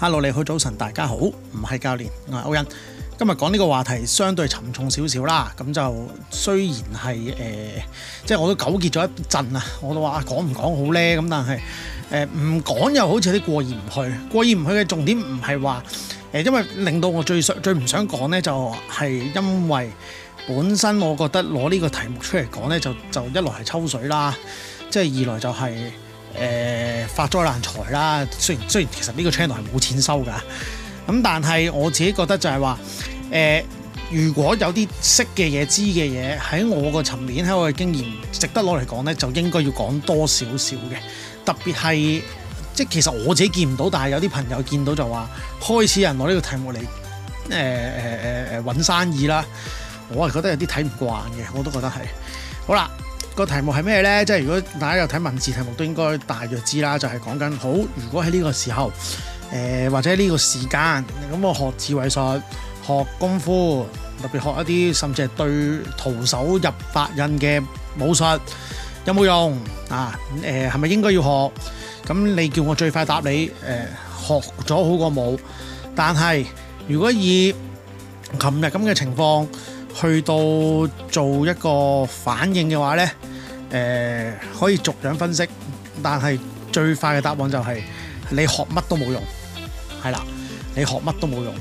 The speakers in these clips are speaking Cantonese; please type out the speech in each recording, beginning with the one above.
Hello，你好，早晨，大家好，唔係教練，我係歐欣。今日講呢個話題相對沉重少少啦，咁就雖然係誒，即、呃、係、就係、我都糾結咗一陣啊，我都話講唔講好呢。咁但係誒唔講又好似有啲過意唔去，過意唔去嘅重點唔係話誒，因為令到我最，最想最唔想講呢，就係、係、因為本身我覺得攞呢個題目出嚟講呢，就就一來係抽水啦，即、就、係、係、二來就係、係。誒、呃、發災難財啦，雖然雖然其實呢個 channel 係冇錢收㗎，咁但係我自己覺得就係話誒，如果有啲識嘅嘢、知嘅嘢喺我個層面喺我嘅經驗，值得攞嚟講咧，就應該要講多少少嘅。特別係即係其實我自己見唔到，但係有啲朋友見到就話，開始人攞呢個題目嚟誒誒誒誒搵生意啦，我係覺得有啲睇唔慣嘅，我都覺得係好啦。個題目係咩呢？即係如果大家有睇文字題目，都應該大約知啦。就係講緊，好，如果喺呢個時候，誒、呃、或者呢個時間，咁我學自衛術、學功夫，特別學一啲甚至係對徒手入白刃嘅武術，有冇用啊？誒係咪應該要學？咁你叫我最快答你，誒、呃、學咗好過冇。但係如果以琴日咁嘅情況去到做一個反應嘅話呢。誒、呃、可以逐樣分析，但係最快嘅答案就係你學乜都冇用，係啦，你學乜都冇用。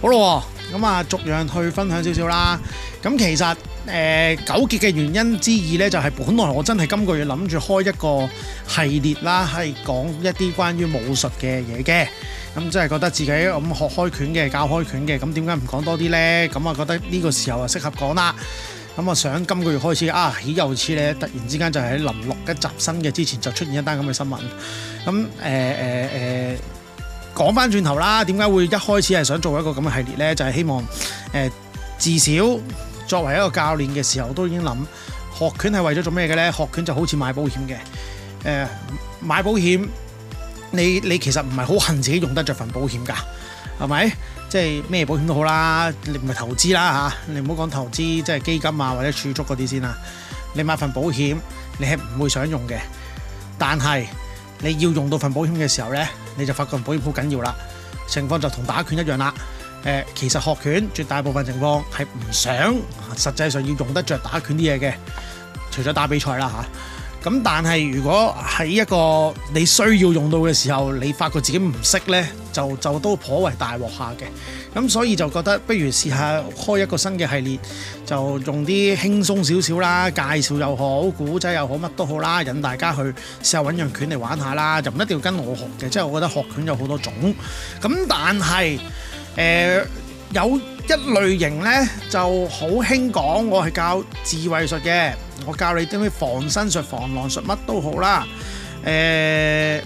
好啦，咁啊逐樣去分享少少啦。咁其實誒、呃、糾結嘅原因之一呢，就係、是、本來我真係今個月諗住開一個系列啦，係講一啲關於武術嘅嘢嘅。咁真係覺得自己咁、嗯、學開拳嘅，教開拳嘅，咁點解唔講多啲呢？咁啊覺得呢個時候啊適合講啦。咁啊，我想今個月開始啊，起又始咧，突然之間就喺臨落一集新嘅之前，就出現一單咁嘅新聞。咁誒誒誒，講返轉頭啦，點解會一開始係想做一個咁嘅系列咧？就係、是、希望誒、呃，至少作為一個教練嘅時候，我都已經諗學拳係為咗做咩嘅咧？學拳就好似買保險嘅，誒、呃、買保險，你你其實唔係好恨自己用得着份保險㗎。係咪？即係咩保險都好啦，你唔係投資啦嚇，你唔好講投資，即係基金啊或者儲蓄嗰啲先啦。你買份保險，你係唔會想用嘅，但係你要用到份保險嘅時候呢，你就發覺份保險好緊要啦。情況就同打拳一樣啦。誒，其實學拳絕大部分情況係唔想，實際上要用得着打拳啲嘢嘅，除咗打比賽啦嚇。咁但係如果喺一個你需要用到嘅時候，你發覺自己唔識呢，就就都頗為大鑊下嘅。咁所以就覺得不如試下開一個新嘅系列，就用啲輕鬆少少啦，介紹又好，古仔又好，乜都好啦，引大家去試下搵樣拳嚟玩下啦，就唔一定要跟我學嘅。即係我覺得學拳有好多種。咁但係誒有一類型呢就好興講，我係教自衛術嘅。我教你啲咩防身術、防狼術，乜都好啦，呃，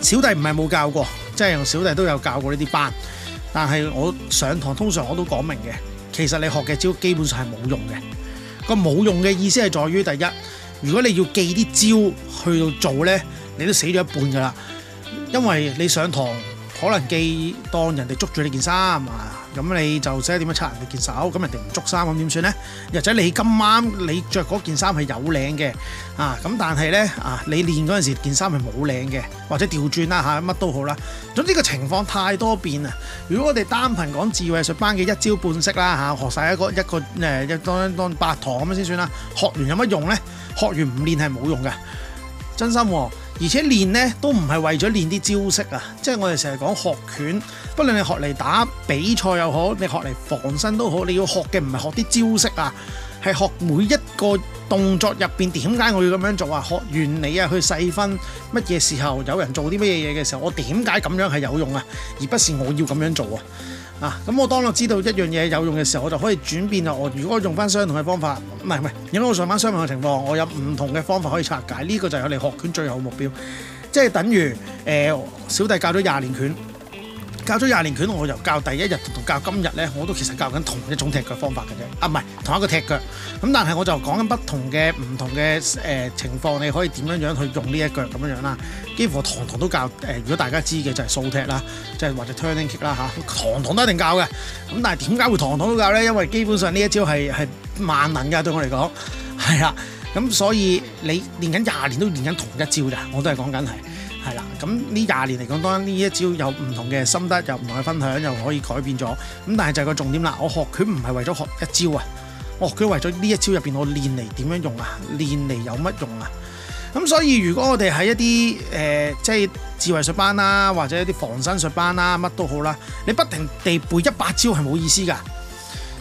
小弟唔係冇教過，即係小弟都有教過呢啲班。但係我上堂通常我都講明嘅，其實你學嘅招基本上係冇用嘅。個冇用嘅意思係在於第一，如果你要記啲招去到做呢，你都死咗一半噶啦。因為你上堂可能記當人哋捉住你件衫啊。咁你就即係點樣拆人哋件手，咁人哋唔捉衫咁點算咧？又者你今晚你着嗰件衫係有領嘅啊？咁但係咧啊，你練嗰陣時件衫係冇領嘅，或者調轉啦嚇，乜都好啦。總之個情況太多變啊！如果我哋單憑講智慧術班嘅一招半式啦嚇，學晒一個一個誒，當當白堂咁樣先算啦。學完有乜用咧？學完唔練係冇用嘅。真心哦，而且練呢都唔係為咗練啲招式啊，即係我哋成日講學拳，不論你學嚟打比賽又好，你學嚟防身都好，你要學嘅唔係學啲招式啊，係學每一個動作入邊點解我要咁樣做啊？學原理啊，去細分乜嘢時候有人做啲乜嘢嘢嘅時候，我點解咁樣係有用啊？而不是我要咁樣做啊？咁、啊、我當我知道一樣嘢有用嘅時候，我就可以轉變啦。我如果用翻相同嘅方法，唔係唔係，如果我上翻相同嘅情況，我有唔同嘅方法可以拆解。呢、這個就係我哋學拳最後目標，即係等於、呃、小弟教咗廿年拳。教咗廿年拳，我由教第一日同教今日咧，我都其實教緊同一種踢腳方法嘅啫。啊，唔係同一個踢腳。咁但係我就講緊不同嘅、唔同嘅誒、呃、情況，你可以點樣樣去用呢一腳咁樣樣啦。幾乎我堂堂都教誒、呃，如果大家知嘅就係掃踢啦，就係或者 turning kick 啦、啊、嚇，堂堂都一定教嘅。咁但係點解會堂堂都教咧？因為基本上呢一招係係萬能嘅，對我嚟講係啊。咁所以你練緊廿年都練緊同一招咋？我都係講緊係。係啦，咁呢廿年嚟講，當然呢一招有唔同嘅心得，又唔同嘅分享，又可以改變咗。咁但係就係個重點啦，我學佢唔係為咗學一招啊，我學佢為咗呢一招入邊我練嚟點樣用啊，練嚟有乜用啊？咁所以如果我哋喺一啲、呃、即係自衛術班啦，或者一啲防身術班啦，乜都好啦，你不停地背一百招係冇意思噶。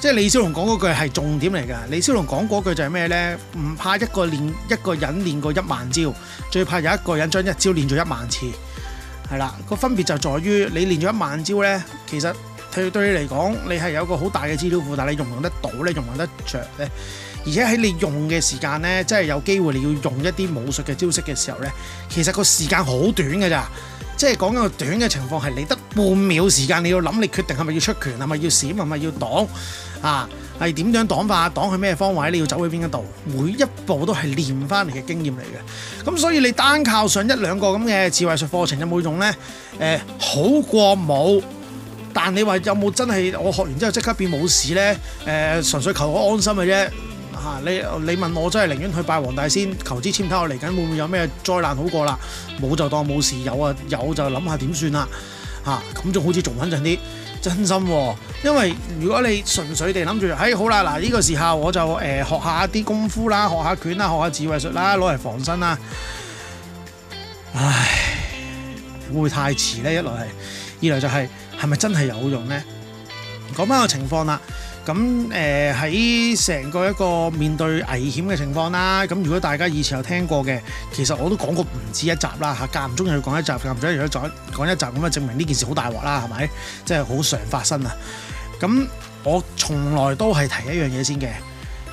即係李小龍講嗰句係重點嚟㗎。李小龍講嗰句就係咩呢？唔怕一個練一個人練過一萬招，最怕有一個人將一招練咗一萬次。係啦，個分別就在於你練咗一萬招呢，其實佢對你嚟講，你係有個好大嘅資料庫，但你用唔用得到呢？用唔用得着呢？而且喺你用嘅時間呢，即係有機會你要用一啲武術嘅招式嘅時候呢，其實個時間好短㗎咋。即係講緊個短嘅情況，係你得半秒時間，你要諗，你決定係咪要出拳，係咪要閃，係咪要擋啊？係點樣擋法？擋去咩方位？你要走去邊一度？每一步都係練翻嚟嘅經驗嚟嘅。咁所以你單靠上一兩個咁嘅自衛術課程有冇用呢？誒、呃、好過冇。但你話有冇真係我學完之後即刻變武士呢？誒、呃、純粹求個安心嘅啫。嚇、啊！你你問我，真係寧願去拜黃大仙求支簽睇，我嚟緊會唔會有咩災難好過啦？冇、啊、就當冇事，有啊有就諗下點算啦嚇！咁、啊、仲好似仲穩陣啲，真心、哦。因為如果你純粹地諗住，喺、哎、好啦嗱，呢、啊呢個時候我就誒、呃、學下啲功夫啦，學下拳啦，學下自衛術啦，攞嚟防身啦。唉，會唔會太遲呢？」一來係，二來就係、係，係咪真係有用呢？講翻個情況啦。咁誒喺成個一個面對危險嘅情況啦，咁如果大家以前有聽過嘅，其實我都講過唔止一集啦嚇，間唔中又要講一集，間唔中又再講一集，咁啊證明呢件事好大鑊啦，係咪？即係好常發生啊！咁我從來都係提一樣嘢先嘅，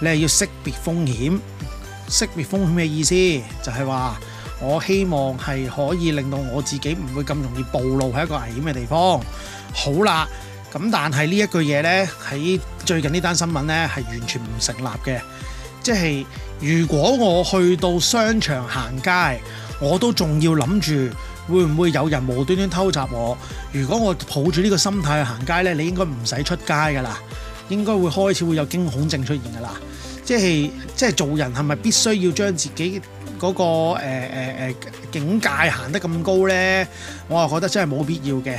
你係要識別風險，識別風險嘅意思就係話我希望係可以令到我自己唔會咁容易暴露喺一個危險嘅地方。好啦。咁但係呢一句嘢呢，喺最近呢單新聞呢，係完全唔成立嘅。即係如果我去到商場行街，我都仲要諗住會唔會有人無端端偷襲我？如果我抱住呢個心態去行街呢，你應該唔使出街㗎啦，應該會開始會有驚恐症出現㗎啦。即係即係做人係咪必須要將自己嗰個誒誒誒警戒行得咁高呢？我係覺得真係冇必要嘅。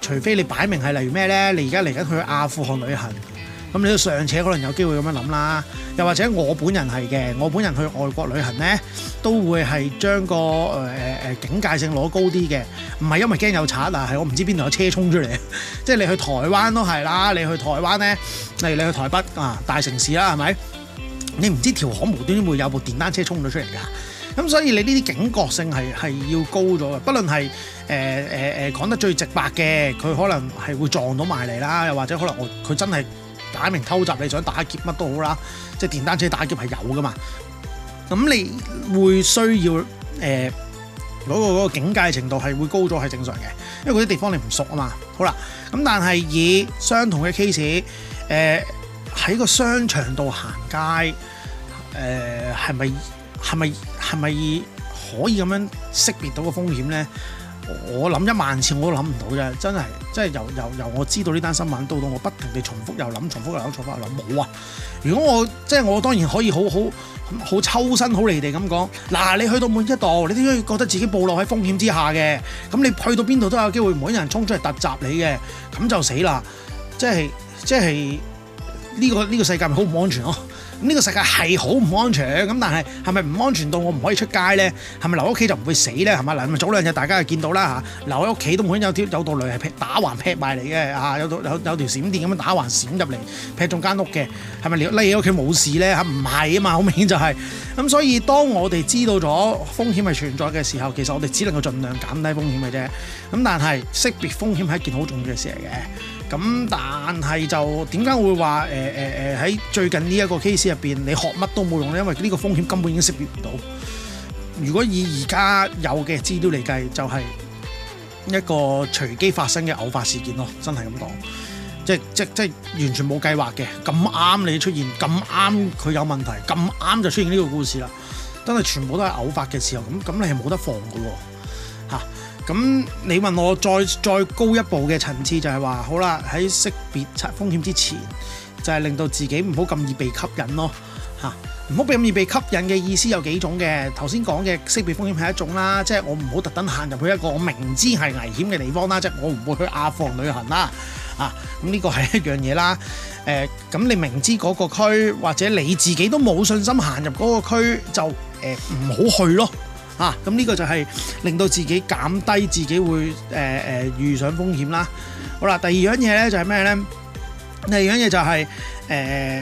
除非你擺明係例如咩呢？你而家嚟緊去阿富汗旅行，咁你都尚且可能有機會咁樣諗啦。又或者我本人係嘅，我本人去外國旅行呢，都會係將個誒誒誒警戒性攞高啲嘅。唔係因為驚有賊啊，係我唔知邊度有車衝出嚟。即 係你去台灣都係啦，你去台灣呢，例如你去台北啊，大城市啦，係咪？你唔知條巷無端端會有一部電單車衝咗出嚟㗎。咁所以你呢啲警覺性係係要高咗嘅，不論係誒誒誒講得最直白嘅，佢可能係會撞到埋嚟啦，又或者可能我佢真係擺明偷襲，你想打劫乜都好啦，即係電單車打劫係有㗎嘛。咁你會需要誒嗰、呃嗰個嗰、嗰個警戒程度係會高咗係正常嘅，因為嗰啲地方你唔熟吖嘛。好啦，咁但係以相同嘅 case，誒喺個商場度行街，誒係咪？是係咪係咪可以咁樣識別到個風險呢？我諗一萬次我都諗唔到啫，真係，即係由由由我知道呢單新聞到到我不停地重複又諗，重複又諗，重複又諗冇啊！如果我即係我當然可以好好好抽身好離地咁講，嗱，你去到每一度，你都要覺得自己暴露喺風險之下嘅，咁你去到邊度都有機會每一人衝出嚟突襲你嘅，咁就死啦！即係即係呢個呢個世界咪好唔安全咯，啊？呢個世界係好唔安全咁，但係係咪唔安全到我唔可以出街咧？係咪留喺屋企就唔會死咧？係咪？嗱，早兩日大家就見到啦嚇，留喺屋企都可能有條有道雷係劈打橫劈埋嚟嘅嚇，有有有條閃電咁樣打橫閃入嚟劈中間屋嘅，係咪匿喺屋企冇事咧？嚇，唔係啊嘛，好明顯就係咁。所以當我哋知道咗風險係存在嘅時候，其實我哋只能夠盡量減低風險嘅啫。咁但係識別風險係一件好重要嘅事嚟嘅。咁但係就點解會話，誒誒誒喺最近呢一個 case 入邊你學乜都冇用咧，因為呢個風險根本已經識別唔到。如果以而家有嘅資料嚟計，就係一個隨機發生嘅偶發事件咯，真係咁講。即即即完全冇計劃嘅，咁啱你出現，咁啱佢有問題，咁啱就出現呢個故事啦。真係全部都係偶發嘅時候，咁咁你係冇得防嘅喎。咁你問我再再高一步嘅層次就係話，好啦，喺識別風險之前，就係令到自己唔好咁易被吸引咯，嚇，啊，唔好俾咁易被吸引嘅意思有幾種嘅。頭先講嘅識別風險係一種啦，即係我唔好特登行入去一個我明知係危險嘅地方啦，即係我唔會去阿富汗旅行啦，啊，咁呢個係一樣嘢啦。誒，呃，咁你明知嗰個區或者你自己都冇信心行入嗰個區，就誒唔好去咯。啊，咁呢個就係令到自己減低自己會誒誒遇上風險啦。好啦，第二樣嘢咧就係咩咧？第二樣嘢就係誒，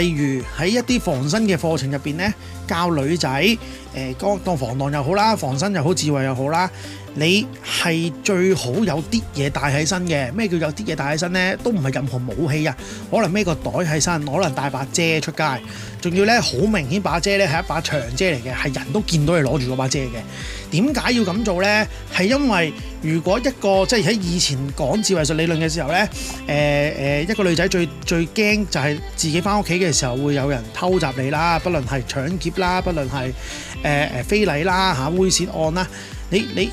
例如喺一啲防身嘅課程入邊咧，教女仔誒，講當防盜又好啦，防身又好，智慧又好啦。你係最好有啲嘢帶起身嘅。咩叫有啲嘢帶起身呢？都唔係任何武器啊。可能孭個袋起身，可能帶把遮出街。仲要呢，好明顯把遮呢係一把長遮嚟嘅，係人都見到你攞住嗰把遮嘅。點解要咁做呢？係因為如果一個即係喺以前講自衛術理論嘅時候呢、呃呃，一個女仔最最驚就係自己翻屋企嘅時候會有人偷襲你啦，不論係搶劫啦，不論係誒、呃、非禮啦嚇猥褻案啦，你你。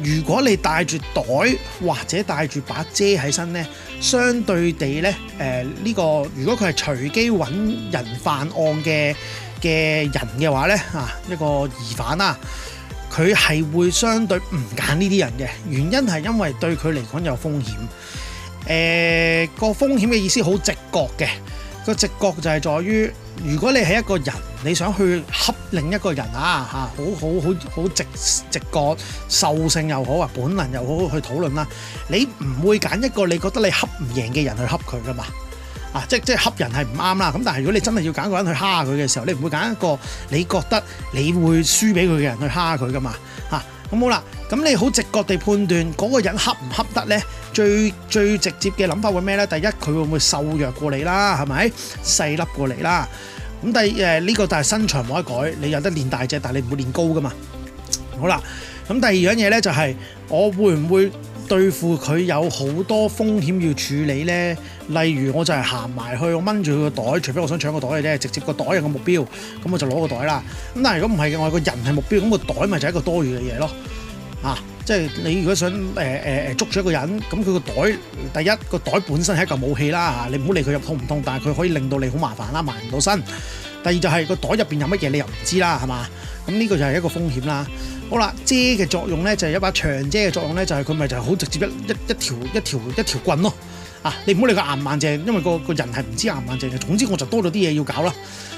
如果你帶住袋或者帶住把遮喺身呢，相對地呢，誒呢個如果佢係隨機揾人犯案嘅嘅人嘅話呢，啊一個疑犯啊，佢係會相對唔揀呢啲人嘅，原因係因為對佢嚟講有風險，誒個風險嘅意思好直覺嘅。個直覺就係在於，如果你係一個人，你想去恰另一個人啊嚇，好好好好直直覺，獸性又好啊，本能又好去討論啦。你唔會揀一個你覺得你恰唔贏嘅人去恰佢噶嘛？啊，即即恰人係唔啱啦。咁但係如果你真係要揀個人去蝦佢嘅時候，你唔會揀一個你覺得你會輸俾佢嘅人去蝦佢噶嘛？啊。咁好啦，咁你好直覺地判斷嗰個人恰唔恰得呢？最最直接嘅諗法會咩呢？第一，佢會唔會瘦弱過你啦？係咪細粒過你啦？咁第二，呢個就係身材冇得改，你有得練大隻，但係你唔會練高噶嘛。好啦，咁第二樣嘢呢，就係我會唔會？對付佢有好多風險要處理呢。例如我就係行埋去，我掹住佢個袋，除非我想搶個袋嘅啫，直接個袋係個目標，咁我就攞個袋啦。咁但係如果唔係嘅，我係個人係目標，咁個袋咪就係一個多餘嘅嘢咯。啊，即係你如果想誒誒、呃、捉住一個人，咁佢個袋，第一個袋本身係一嚿武器啦嚇，你唔好理佢入痛唔痛，但係佢可以令到你好麻煩啦，埋唔到身。第二就係、是、個袋入邊有乜嘢，你又唔知啦，係嘛？咁呢個就係一個風險啦。好啦，遮嘅作用咧就係、是、一把長遮嘅作用咧就係佢咪就係好直接一一一條一條一條棍咯啊！你唔好理佢硬唔硬淨，因為個個人係唔知硬唔硬淨嘅。總之我就多咗啲嘢要搞啦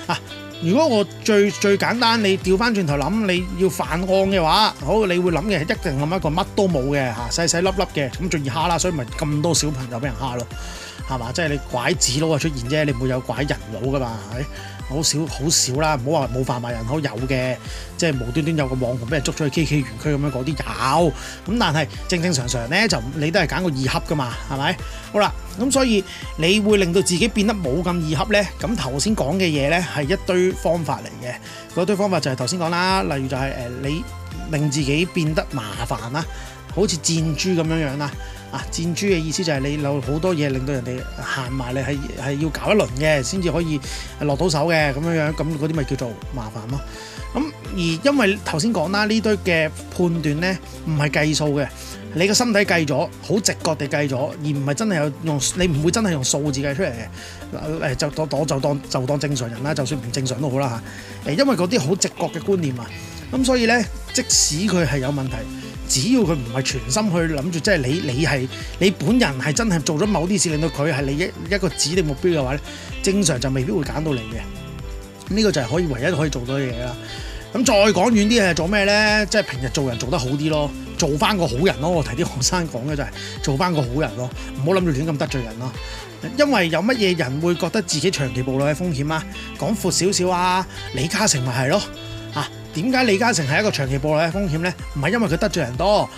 啊！如果我最最簡單，你調翻轉頭諗你要犯案嘅話，好，你會諗嘅一定諗一個乜都冇嘅吓，細、啊、細粒粒嘅，咁仲要蝦啦，所以咪咁多小朋友俾人蝦咯，係嘛？即、就、係、是、你拐子佬嘅出現啫，你唔會有拐人佬噶嘛？好少好少啦，唔好話冇販賣人口有嘅，即係無端端有個網紅俾人捉咗去 K K 園區咁樣嗰啲有咁，但係正正常常咧就你都係揀個易恰噶嘛，係咪？好啦，咁所以你會令到自己變得冇咁易恰咧，咁頭先講嘅嘢咧係一堆方法嚟嘅，嗰堆方法就係頭先講啦，例如就係你令自己變得麻煩啦，好似箭豬咁樣樣啦。啊！箭豬嘅意思就係你有好多嘢令到人哋行埋嚟，係係要搞一輪嘅先至可以落到手嘅咁樣樣，咁嗰啲咪叫做麻煩咯。咁而因為頭先講啦，呢堆嘅判斷咧唔係計數嘅，你嘅身體計咗，好直覺地計咗，而唔係真係有用，你唔會真係用數字計出嚟嘅。誒就，就，就，就當我就當就當正常人啦，就算唔正常都好啦嚇。誒因為嗰啲好直覺嘅觀念啊，咁所以咧，即使佢係有問題。只要佢唔係全心去諗住，即係你你係你本人係真係做咗某啲事，令到佢係你一一個指定目標嘅話咧，正常就未必會揀到你嘅。呢個就係可以唯一可以做到嘅嘢啦。咁再講遠啲係做咩咧？即係平日做人做得好啲咯，做翻個好人咯。我提啲學生講嘅就係做翻個好人咯，唔好諗住亂咁得罪人咯。因為有乜嘢人會覺得自己長期暴露嘅風險啊？講闊少少啊，李嘉誠咪係咯。點解李嘉誠係一個長期暴波嘅風險呢？唔係因為佢得罪人多，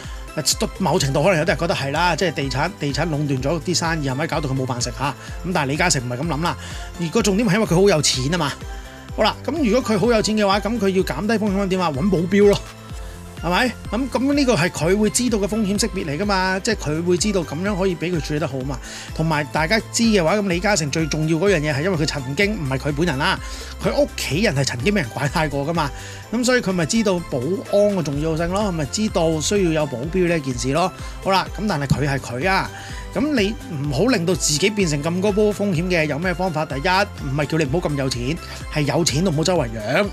某程度可能有啲人覺得係啦，即係地產地產壟斷咗啲生意，係咪搞到佢冇飯食吓？咁但係李嘉誠唔係咁諗啦。而個重點係因為佢好有錢啊嘛。好啦，咁如果佢好有錢嘅話，咁佢要減低風險點啊？搵保鏢咯。係咪？咁咁呢個係佢會知道嘅風險識別嚟噶嘛？即係佢會知道咁樣可以俾佢處理得好嘛？同埋大家知嘅話，咁李嘉誠最重要嗰樣嘢係因為佢曾經唔係佢本人啦，啊，佢屋企人係曾經俾人拐帶過噶嘛？咁所以佢咪知道保安嘅重要性咯，咪知道需要有保鏢呢件事咯？好啦，咁但係佢係佢啊，咁你唔好令到自己變成咁高波風險嘅，有咩方法？第一唔係叫你唔好咁有錢，係有錢都唔好周圍養。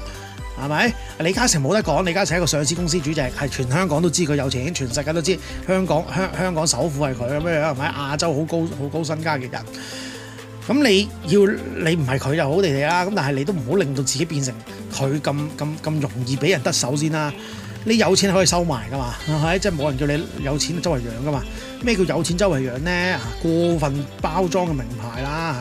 係咪，李嘉誠冇得講？李嘉誠係一個上市公司主席，係全香港都知佢有錢，全世界都知。香港香香港首富係佢咁樣樣，係咪亞洲好高好高身家嘅人？咁你要你唔係佢就好哋哋啦。咁但係你都唔好令到自己變成佢咁咁咁容易俾人得手先啦。你有錢可以收埋噶嘛？係咪即係冇人叫你有錢周圍養噶嘛？咩叫有錢周圍養咧？過分包裝嘅名牌啦，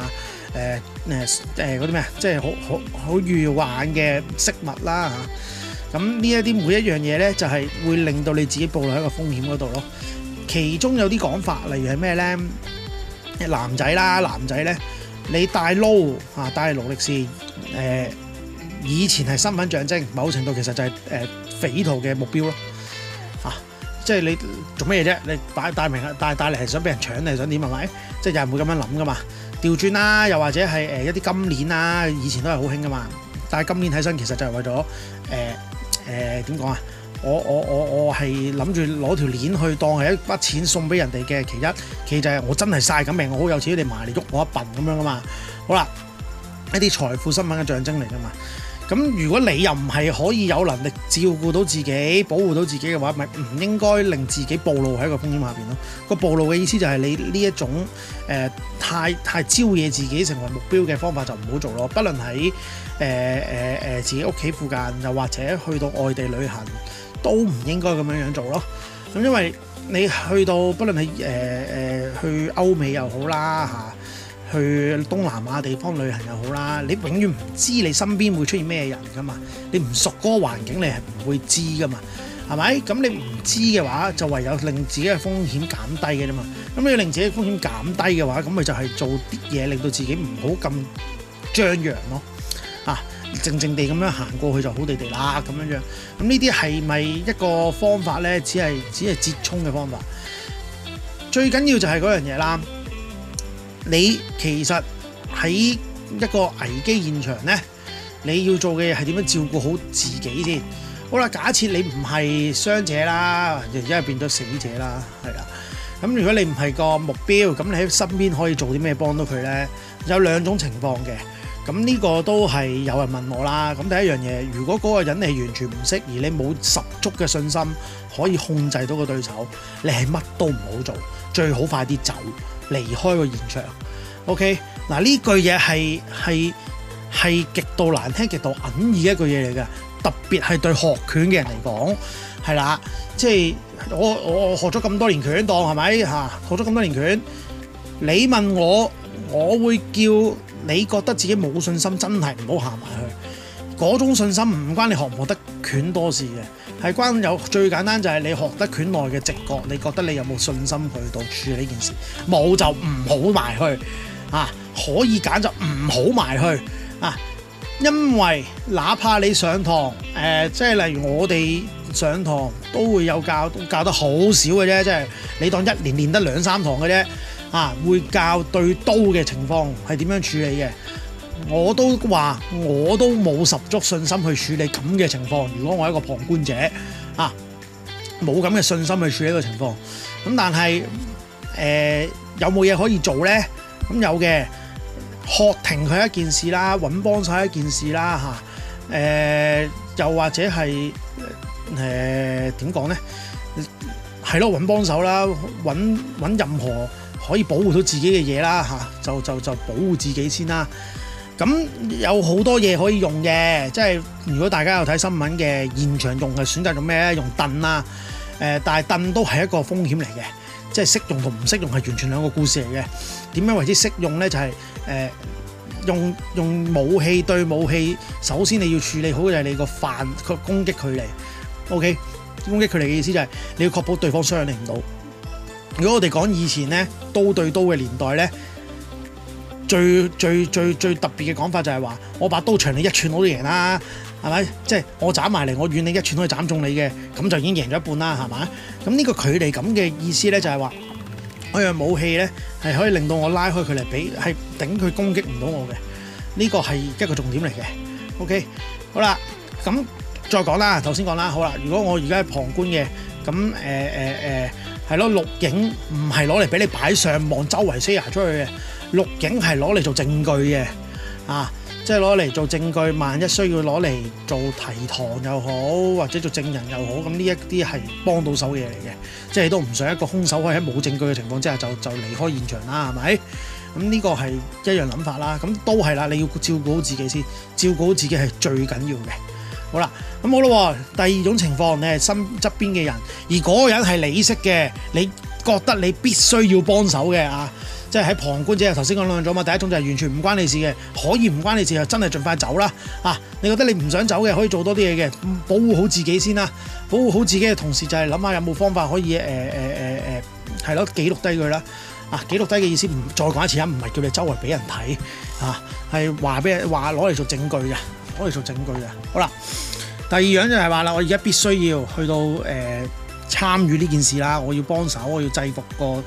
吓、呃、誒。誒誒嗰啲咩啊，即係好好好預玩嘅飾物啦嚇，咁呢一啲每一樣嘢咧，就係、是、會令到你自己暴露喺個風險嗰度咯。其中有啲講法，例如係咩咧？男仔啦，男仔咧，你戴鑼嚇，戴勞力士誒，以前係身份象徵，某程度其實就係、是、誒、呃、匪徒嘅目標咯嚇。即係你做咩嘢啫？你擺大名，戴戴嚟係想俾人搶你係想點啊？即係有人、啊、會咁樣諗噶嘛。調轉啦，又或者係誒一啲金鏈啊，以前都係好興噶嘛，但係今年睇身，其實就係為咗誒誒點講啊，我我我我係諗住攞條鏈去當係一筆錢送俾人哋嘅，其一，其二就係我真係晒咁命，我好有錢，你埋嚟喐我一笨咁樣噶嘛，好啦，一啲財富新聞嘅象徵嚟噶嘛。咁如果你又唔係可以有能力照顧到自己、保護到自己嘅話，咪唔應該令自己暴露喺一個風險下邊咯。個暴露嘅意思就係你呢一種誒、呃、太太招惹自己成為目標嘅方法就唔好做咯。不論喺誒誒誒自己屋企附近，又或者去到外地旅行，都唔應該咁樣樣做咯。咁因為你去到，不論係誒誒去歐、呃呃、美又好啦嚇。去東南亞地方旅行又好啦，你永遠唔知你身邊會出現咩人噶嘛，你唔熟嗰個環境，你係唔會知噶嘛，係咪？咁你唔知嘅話，就唯有令自己嘅風險減低嘅啫嘛。咁要令自己嘅風險減低嘅話，咁咪就係做啲嘢令到自己唔好咁張揚咯。啊，靜靜地咁樣行過去就好地地啦，咁樣樣。咁呢啲係咪一個方法咧？只係只係折衷嘅方法。最緊要就係嗰樣嘢啦。你其實喺一個危機現場呢，你要做嘅係點樣照顧好自己先。好啦，假設你唔係傷者啦，而而家變咗死者啦，係啦。咁如果你唔係個目標，咁你喺身邊可以做啲咩幫到佢呢？有兩種情況嘅。咁呢個都係有人問我啦。咁第一樣嘢，如果嗰個人你完全唔識，而你冇十足嘅信心可以控制到個對手，你係乜都唔好做，最好快啲走。離開個現場，OK？嗱、啊、呢句嘢係係係極度難聽、極度忤耳一句嘢嚟嘅，特別係對學拳嘅人嚟講，係啦，即係我我我學咗咁多年拳，當係咪吓？學咗咁多年拳，你問我，我會叫你覺得自己冇信心，真係唔好行埋去。嗰種信心唔關你學唔學得拳多事嘅，係關有最簡單就係你學得拳耐嘅直覺，你覺得你有冇信心去到處理呢件事？冇就唔好埋去啊，可以揀就唔好埋去啊，因為哪怕你上堂，誒、呃，即係例如我哋上堂都會有教，教得好少嘅啫，即係你當一年練得兩三堂嘅啫啊，會教對刀嘅情況係點樣處理嘅。我都話我都冇十足信心去處理咁嘅情況。如果我係一個旁觀者啊，冇咁嘅信心去處理呢個情況咁，但係誒、呃、有冇嘢可以做咧？咁有嘅，喝停佢一件事啦，揾幫手一件事啦嚇。誒、啊呃、又或者係誒點講咧？係、呃、咯，揾幫手啦，揾揾任何可以保護到自己嘅嘢啦嚇，就就就保護自己先啦。啊。咁有好多嘢可以用嘅，即係如果大家有睇新聞嘅現場用係選擇用咩咧？用凳啦、呃，但係凳都係一個風險嚟嘅，即係識用同唔識用係完全兩個故事嚟嘅。點樣為之識用咧？就係、是呃、用用武器對武器，首先你要處理好嘅係你個範個攻擊距離，OK？攻擊距離嘅意思就係、是、你要確保對方傷你唔到。如果我哋講以前咧刀對刀嘅年代咧。最最最最特別嘅講法就係話，我把刀長你一寸我都贏啦，係咪？即係我斬埋嚟，我遠你一寸都可以斬中你嘅，咁就已經贏咗一半啦，係咪？咁呢個距離咁嘅意思咧，就係話我嘅武器咧係可以令到我拉開佢嚟俾，係頂佢攻擊唔到我嘅。呢個係一個重點嚟嘅。OK，好啦，咁再講啦，頭先講啦，好啦。如果我而家係旁觀嘅，咁誒誒誒，係咯，錄影唔係攞嚟俾你擺上網，周圍 share 出去嘅。錄影係攞嚟做證據嘅，啊，即係攞嚟做證據。萬一需要攞嚟做提堂又好，或者做證人又好，咁呢一啲係幫到手嘅嘢嚟嘅。即係都唔想一個兇手可以喺冇證據嘅情況之下就就離開現場啦，係咪？咁呢個係一樣諗法啦。咁、嗯、都係啦，你要照顧好自己先，照顧好自己係最緊要嘅。好啦，咁、嗯、好啦，第二種情況，你係身側邊嘅人，而嗰個人係你識嘅，你覺得你必須要幫手嘅啊。即係喺旁觀者，頭先講兩種嘛。第一種就係完全唔關你事嘅，可以唔關你事就真係盡快走啦。啊，你覺得你唔想走嘅，可以做多啲嘢嘅，保護好自己先啦。保護好自己嘅同時，就係諗下有冇方法可以誒誒誒誒係咯，記錄低佢啦。啊，記錄低嘅意思唔再講一次啊，唔係叫你周圍俾人睇啊，係話俾人話攞嚟做證據嘅，攞嚟做證據嘅。好啦，第二樣就係話啦，我而家必須要去到誒、呃、參與呢件事啦，我要幫手，我要制服個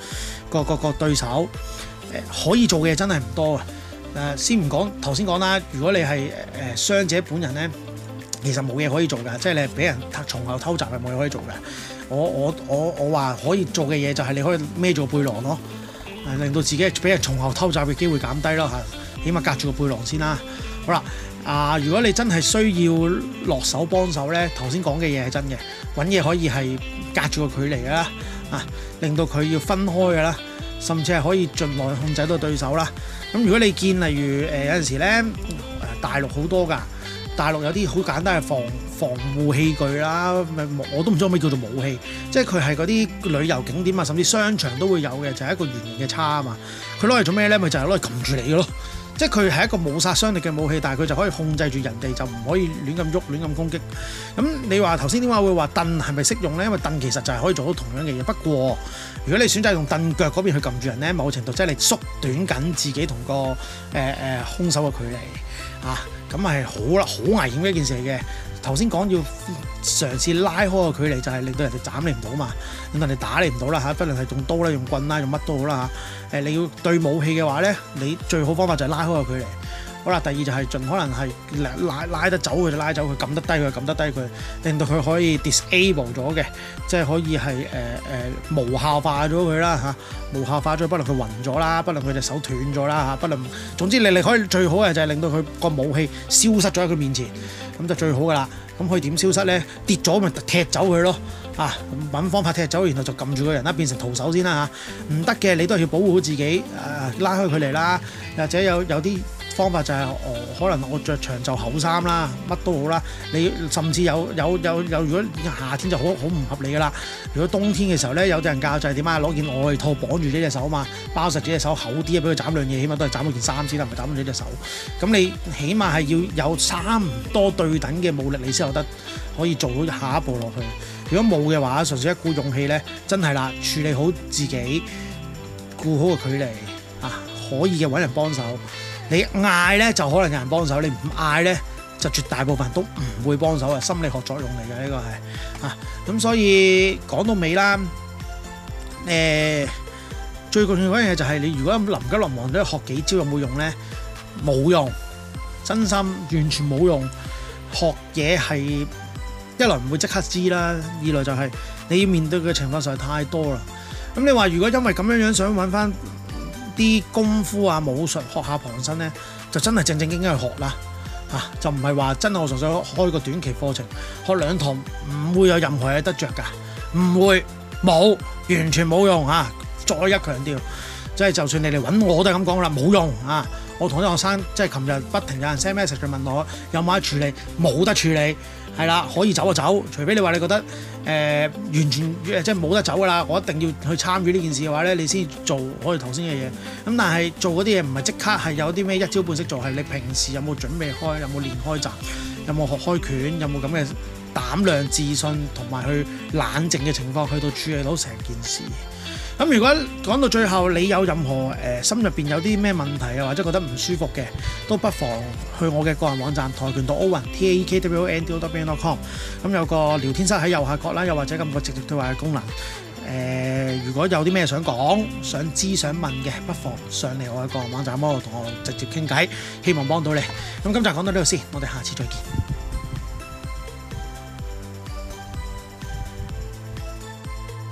個個個對手。可以做嘅嘢真係唔多啊！誒，先唔講頭先講啦。如果你係誒傷者本人咧，其實冇嘢可以做㗎，即係你俾人從後偷襲係冇嘢可以做嘅。我我我我話可以做嘅嘢就係你可以孭住個背囊咯，誒，令到自己俾人從後偷襲嘅機會減低咯嚇，起碼隔住個背囊先啦。好啦，啊、呃，如果你真係需要落手幫手咧，頭先講嘅嘢係真嘅，揾嘢可以係隔住個距離啦，啊，令到佢要分開㗎啦。甚至係可以儘量控制到對手啦。咁如果你見例如誒、呃、有陣時咧，誒大陸好多㗎，大陸有啲好簡單嘅防防護器具啦，我都唔知可唔可以叫做武器，即係佢係嗰啲旅遊景點啊，甚至商場都會有嘅，就係、是、一個圓形嘅叉啊嘛。佢攞嚟做咩咧？咪就係攞嚟撳住你嘅咯。即係佢係一個冇殺傷力嘅武器，但係佢就可以控制住人哋，就唔可以亂咁喐、亂咁攻擊。咁你話頭先點解會話凳係咪適用咧？因為凳其實就係可以做到同樣嘅嘢。不過如果你選擇用凳腳嗰邊去撳住人咧，某程度即係你縮短緊自己同個呃呃兇手嘅距離啊，咁係好啦，好危險嘅一件事嚟嘅。頭先講要嘗試拉開個距離，就係令到人哋斬你唔到嘛，令到人哋打你唔到啦吓，不論係用刀啦，用棍啦，用乜都好啦吓。誒，你要對武器嘅話咧，你最好方法就係拉開個距離。好啦，第二就係盡可能係拉拉拉得走佢，就拉走佢；撳得低佢，撳得低佢，令到佢可以 disable 咗嘅，即係可以係誒誒無效化咗佢啦嚇，無效化咗，不能佢暈咗啦，不能佢隻手斷咗啦嚇，不能，總之你你可以最好嘅就係令到佢個武器消失咗喺佢面前，咁就最好噶啦。咁可以點消失咧？跌咗咪踢走佢咯啊，揾方法踢走，然後就撳住個人啦，變成徒手先啦嚇。唔得嘅，你都要保護好自己誒，拉開距離啦，或者有有啲。方法就係，哦，可能我着長袖厚衫啦，乜都好啦。你甚至有有有有，如果夏天就好好唔合理噶啦。如果冬天嘅時候咧，有啲人教就係點啊，攞件外套綁住呢隻手啊嘛，包實呢隻手厚啲啊，俾佢斬兩嘢，起碼都係斬到件衫先啦，唔係斬到你隻手。咁你起碼係要有差唔多對等嘅武力，你先有得可以做到下一步落去。如果冇嘅話，純粹一股勇氣咧，真係啦，處理好自己，顧好個距離啊，可以嘅揾人幫手。你嗌咧就可能有人幫手，你唔嗌咧就絕大部分都唔會幫手啊！心理學作用嚟嘅，呢個係啊，咁所以講到尾啦，誒、呃、最重要嗰樣嘢就係你如果臨急臨忙都學幾招有冇用咧？冇用，真心完全冇用。學嘢係一來唔會即刻知啦，二來就係、是、你要面對嘅情況實在太多啦。咁你話如果因為咁樣樣想揾翻啲功夫啊、武術學下旁身呢，就真係正正經經去學啦、啊、就唔係話真係我純粹開個短期課程學兩堂，唔會有任何嘢得着噶，唔會冇，完全冇用啊。再一強調，即係就算你嚟揾我都係咁講啦，冇用啊！我同啲學生即係琴日不停有人 send message 問我有冇得處理，冇得處理，係啦，可以走就走，除非你話你覺得。誒、呃、完全即係冇得走㗎啦！我一定要去參與呢件事嘅話呢，你先做我哋頭先嘅嘢。咁但係做嗰啲嘢唔係即刻係有啲咩一招半式做，係你平時有冇準備開，有冇練開站，有冇學開拳，有冇咁嘅膽量、自信同埋去冷靜嘅情況，去到處理到成件事。咁如果講到最後，你有任何誒，心入面有啲咩問題啊，或者覺得唔舒服嘅，都不妨去我嘅個人網站跆拳道 Owen taekwondowen dot com。咁有個聊天室喺右下角啦，又或者咁個直接對話嘅功能。誒，如果有啲咩想講、想知、想問嘅，不妨上嚟我嘅個人網站嗰度同我直接傾偈，希望幫到你。咁今集就講到呢度先，我哋下次再見。